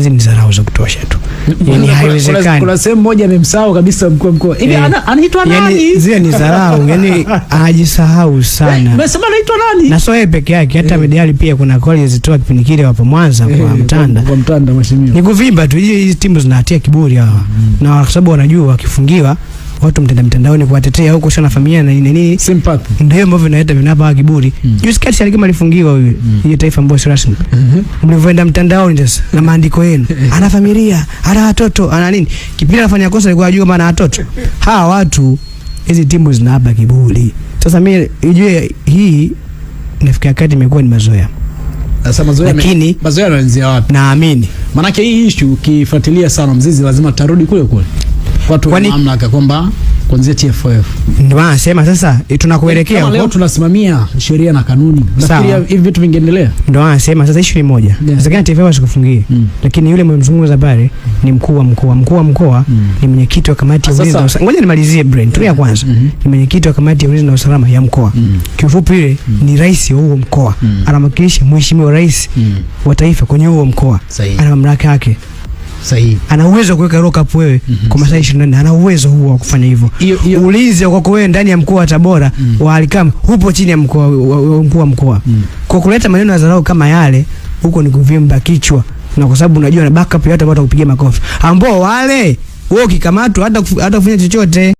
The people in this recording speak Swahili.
Hizi ni dharau za kutosha tu. Yaani haiwezekani. Kuna sehemu moja amemsahau kabisa mkuu mkuu. Hivi anaitwa yaani nani? Yaani zile ni dharau, yaani anajisahau sana. Nimesema eh, anaitwa nani? Na sio yeye peke yake, hata eh. Mediali pia kuna koli zilitoa kipindi kile hapo Mwanza eh, kwa mtanda. Kwa mtanda mheshimiwa. Ni kuvimba tu, hizi timu zinatia kiburi hawa. Mm. Na kwa sababu wanajua wakifungiwa watu mtenda mtandao ni kuwatetea huko shana familia na nini nini simpati, ndio hiyo ambavyo inaleta vinapa kiburi. Hmm. Juice sketch alikuwa alifungiwa huyo mm. hiyo taifa ambayo si rasmi, uh-huh. mlivyoenda mtandaoni sasa na maandiko yenu, ana familia ana watoto ana nini, kipindi anafanya kosa alikuwa ajua maana watoto hawa watu, hizi timu zinapa kiburi. Sasa mimi ijue hii nafikia kati imekuwa ni mazoea sasa mazoea lakini, mazoea yanaanzia wapi? Naamini maana hii issue ukifuatilia sana mzizi lazima tarudi kule kule watu wa mamlaka kwamba kuanzia TFF. Ndio maana sema sasa eh, tunakuelekea huko. Leo tunasimamia sheria na kanuni. Nafikiria hivi vitu vingeendelea. Ndio maana sema sasa issue ni moja. Yeah. Sasa TFF wasikufungie. Mm. Lakini yule mzunguko za bare ni mkuu wa mkoa. Mkuu wa mkoa mm. ni mwenyekiti wa kamati ya ulinzi na usalama. Ngoja nimalizie tu ya kwanza. Mm -hmm. Ni mwenyekiti wa kamati ya ulinzi na usalama ya mkoa. Mm. Kiufupi ile mm. ni rais wa huo mkoa. Mm. Anamwakilisha mheshimiwa rais mm. wa taifa kwenye huo mkoa. Ana mamlaka yake sahihi, ana uwezo wa kuweka lock up wewe mhm. kwa masaa 24, ana uwezo huo wa kufanya hivyo. Ulinzi kwako wewe ndani ya mkoa wa Tabora mm. wa Alikama hupo chini ya mkoa mkuu wa mkoa mm. kwa kuleta maneno ya dharau kama yale huko ni kuvimba kichwa, na kwa sababu unajua na backup ya watu ambao watakupigia makofi ambao wale wewe ukikamatwa hata hata kufanya chochote